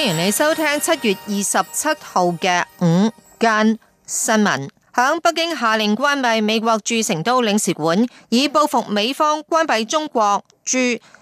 歡迎你收聽七月二十七號嘅午間新聞。響北京下令關閉美國駐成都領事館，以報復美方關閉中國駐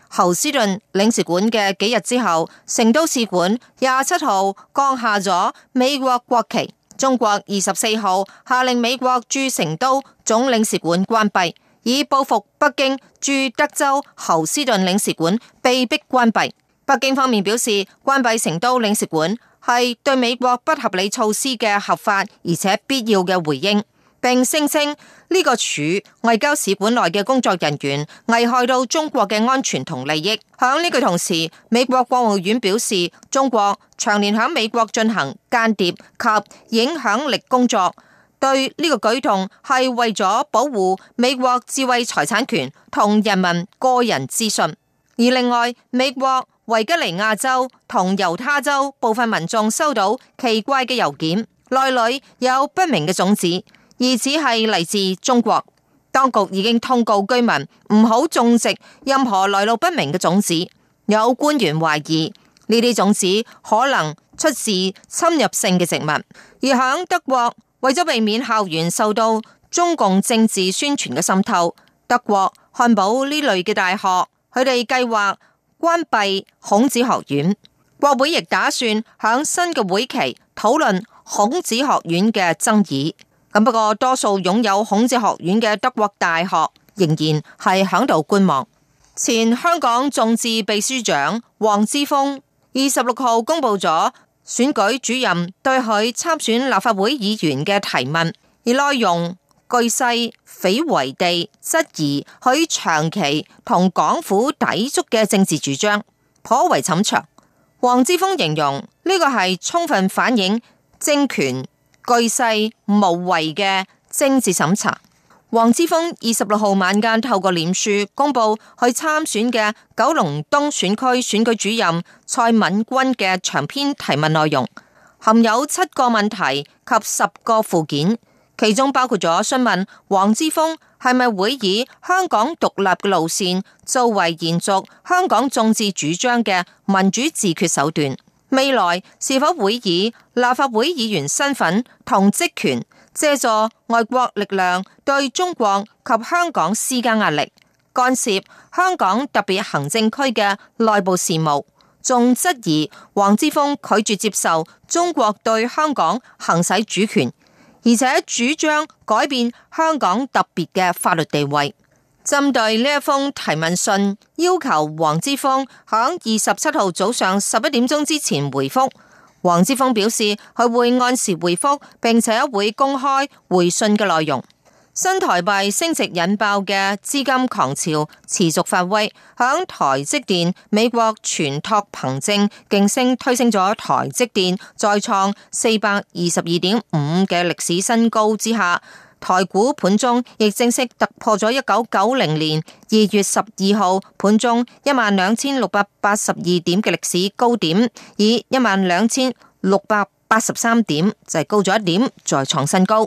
侯斯頓領事館嘅幾日之後，成都使館廿七號降下咗美國國旗。中國二十四號下令美國駐成都總領事館關閉，以報復北京駐德州侯斯頓領事館被迫關閉。北京方面表示，關閉成都領事館係對美國不合理措施嘅合法而且必要嘅回應，並聲稱呢、這個處外交使館內嘅工作人員危害到中國嘅安全同利益。響呢句同時，美國國務院表示，中國長年響美國進行間諜及影響力工作，對呢個舉動係為咗保護美國智慧財產權同人民個人資訊。而另外，美國維吉尼亞州同猶他州部分民眾收到奇怪嘅郵件，內裏有不明嘅種子，而只係嚟自中國。當局已經通告居民唔好種植任何來路不明嘅種子。有官員懷疑呢啲種子可能出自侵入性嘅植物。而響德國，為咗避免校園受到中共政治宣傳嘅滲透，德國漢堡呢類嘅大學。佢哋計劃關閉孔子學院，國會亦打算響新嘅會期討論孔子學院嘅爭議。咁不過，多數擁有孔子學院嘅德國大學仍然係響度觀望。前香港眾志秘書長黃之鋒二十六號公布咗選舉主任對佢參選立法會議員嘅提問，而內容。鉅細靡遺地質疑佢長期同港府抵觸嘅政治主張，頗為慘長。黃之鋒形容呢、這個係充分反映政權鉅細無遺嘅政治審查。黃之鋒二十六號晚間透過臉書公布去參選嘅九龍東選區選舉主任蔡敏君嘅長篇提問內容，含有七個問題及十個附件。其中包括咗詢問黃之鋒係咪會以香港獨立嘅路線作為延續香港眾志主張嘅民主自決手段，未來是否會以立法會議員身份同職權借助外國力量對中國及香港施加壓力，干涉香港特別行政區嘅內部事務，仲質疑黃之鋒拒絕接受中國對香港行使主權。而且主張改變香港特別嘅法律地位。針對呢一封提問信，要求黃之鋒響二十七號早上十一點鐘之前回覆。黃之鋒表示，佢會按時回覆，並且會公開回信嘅內容。新台幣升值引爆嘅資金狂潮持續發威，響台積電美國全託憑證勁升，推升咗台積電再創四百二十二點五嘅歷史新高之下，台股盤中亦正式突破咗一九九零年二月十二號盤中一萬兩千六百八十二點嘅歷史高點，以一萬兩千六百八十三點就係高咗一點，再創新高。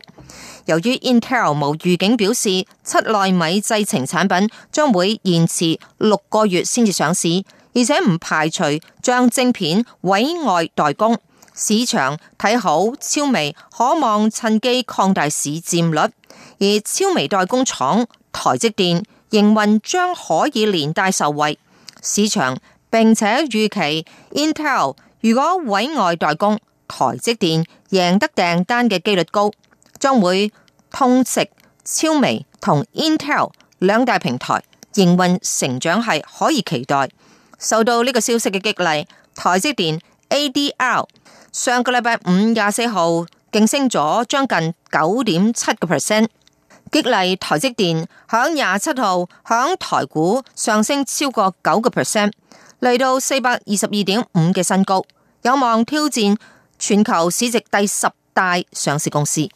由於 Intel 無預警表示七奈米製程產品將會延遲六個月先至上市，而且唔排除將晶片委外代工，市場睇好超微，可望趁機擴大市佔率，而超微代工廠台積電營運將可以連帶受惠市場，並且預期 Intel 如果委外代工，台積電贏得訂單嘅幾率高。將會通食超微同 Intel 兩大平台營運成長係可以期待。受到呢個消息嘅激勵，台積電 ADR 上個禮拜五廿四號勁升咗將近九點七個 percent，激勵台積電響廿七號響台股上升超過九個 percent，嚟到四百二十二點五嘅新高，有望挑戰全球市值第十大上市公司。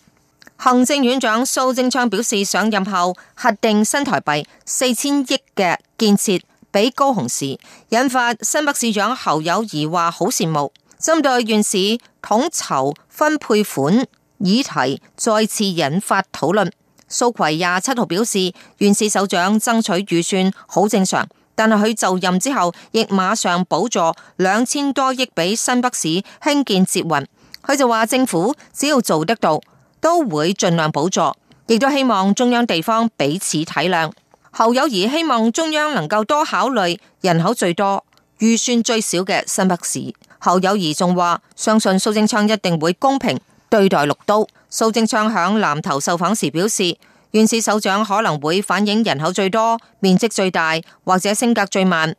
行政院長蘇貞昌表示，上任後核定，新台幣四千億嘅建設俾高雄市，引發新北市長侯友宜話好羨慕。針對縣市統籌分配款議題，再次引發討論，蘇揆廿七號表示縣市首長爭取預算好正常，但係佢就任之後亦馬上補助兩千多億俾新北市興建捷運。佢就話政府只要做得到，都會盡量補助，亦都希望中央地方彼此體諒。侯友宜希望中央能夠多考慮人口最多、預算最少嘅新北市。侯友宜仲話相信蘇貞昌一定會公平對待綠都。蘇貞昌響南投受訪時表示，縣市首長可能會反映人口最多、面積最大或者升格最慢，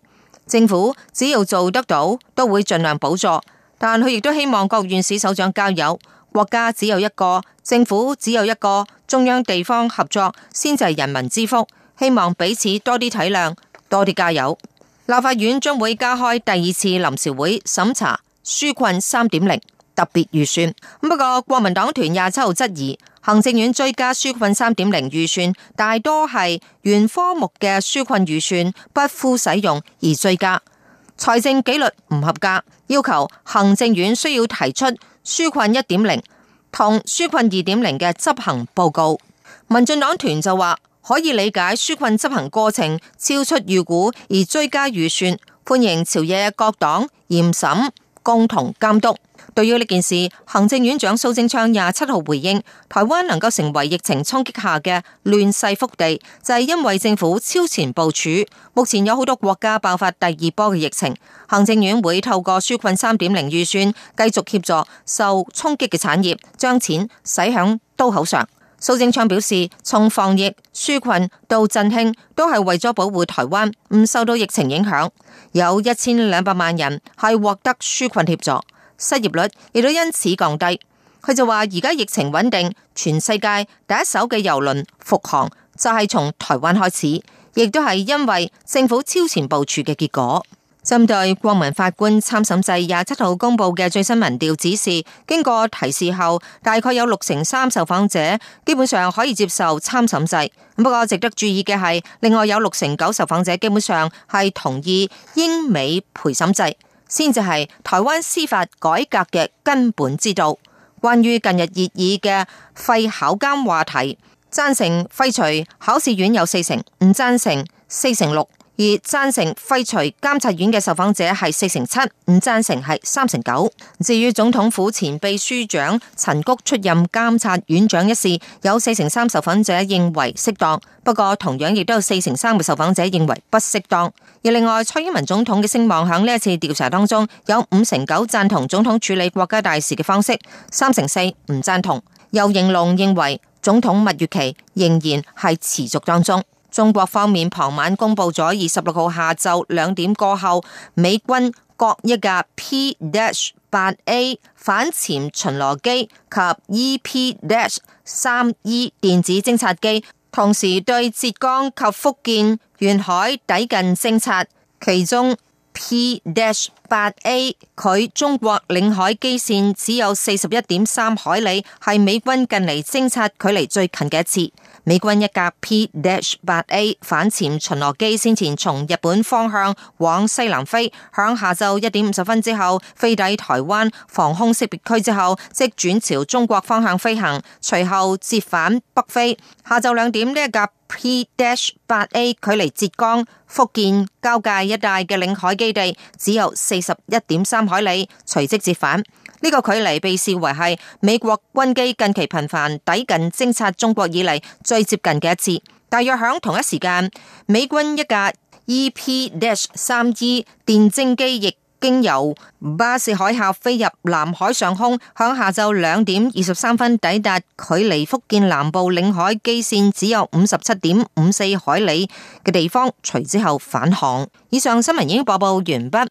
政府只要做得到都會盡量補助，但佢亦都希望各縣市首長交友。國家只有一個，政府只有一個，中央地方合作先至係人民之福。希望彼此多啲體諒，多啲加油。立法院將會加開第二次臨時會審查紓困三點零特別預算。不過國民黨團廿七號質疑，行政院追加紓困三點零預算，大多係原科目嘅紓困預算不敷使用而追加，財政紀律唔合格，要求行政院需要提出。紓困一點零同紓困二點零嘅執行報告，民進黨團就話可以理解紓困執行過程超出預估而追加預算，歡迎朝野各黨嚴審，共同監督。對於呢件事，行政院長蘇貞昌廿七號回應，台灣能夠成為疫情衝擊下嘅亂世福地，就係、是、因為政府超前部署。目前有好多國家爆發第二波嘅疫情，行政院會透過紓困三點零預算，繼續協助受衝擊嘅產業，將錢使響刀口上。蘇貞昌表示，從防疫、紓困到振興都，都係為咗保護台灣唔受到疫情影響。有一千兩百萬人係獲得紓困協助。失業率亦都因此降低。佢就話而家疫情穩定，全世界第一艘嘅郵輪復航就係、是、從台灣開始，亦都係因為政府超前部署嘅結果。針對國民法官參審制廿七號公佈嘅最新民調指示，經過提示後，大概有六成三受訪者基本上可以接受參審制。不過值得注意嘅係，另外有六成九受訪者基本上係同意英美陪審制。先至係台灣司法改革嘅根本之道。關於近日熱議嘅廢考監話題，贊成廢除考試院有四成，唔贊成四成六。而贊成廢除監察院嘅受訪者係四成七，唔贊成係三成九。至於總統府前秘書長陳菊出任監察院長一事，有四成三受訪者認為適當，不過同樣亦都有四成三嘅受訪者認為不適當。而另外蔡英文總統嘅聲望喺呢一次調查當中，有五成九贊同總統處理國家大事嘅方式，三成四唔贊同。游盈隆認為總統蜜月期仍然係持續當中。中國方面傍晚公布咗二十六號下晝兩點過後，美軍各一架 P Dash 八 A 反潛巡邏機及 EP Dash 三 E 電子偵察機，同時對浙江及福建沿海抵近偵察，其中，P-8A 距中國領海基線只有四十一點三海里，係美軍近嚟偵察距離最近嘅一次。美軍一架 P-8A 反潛巡邏機先前從日本方向往西南飛，響下晝一點五十分之後飛抵台灣防空識別區之後，即轉朝中國方向飛行，隨後折返北飛。下晝兩點呢一架。P- 八 A 距離浙江福建交界一帶嘅領海基地只有四十一點三海里，隨即折返。呢、這個距離被視為係美國軍機近期頻繁抵近偵察中國以嚟，最接近嘅一次。大約喺同一時間，美軍一架 EP- 三 E 電偵機亦。經由巴士海峽飛入南海上空，向下晝兩點二十三分抵達，距離福建南部領海基線只有五十七點五四海里嘅地方，隨之後返航。以上新聞已經播報完畢。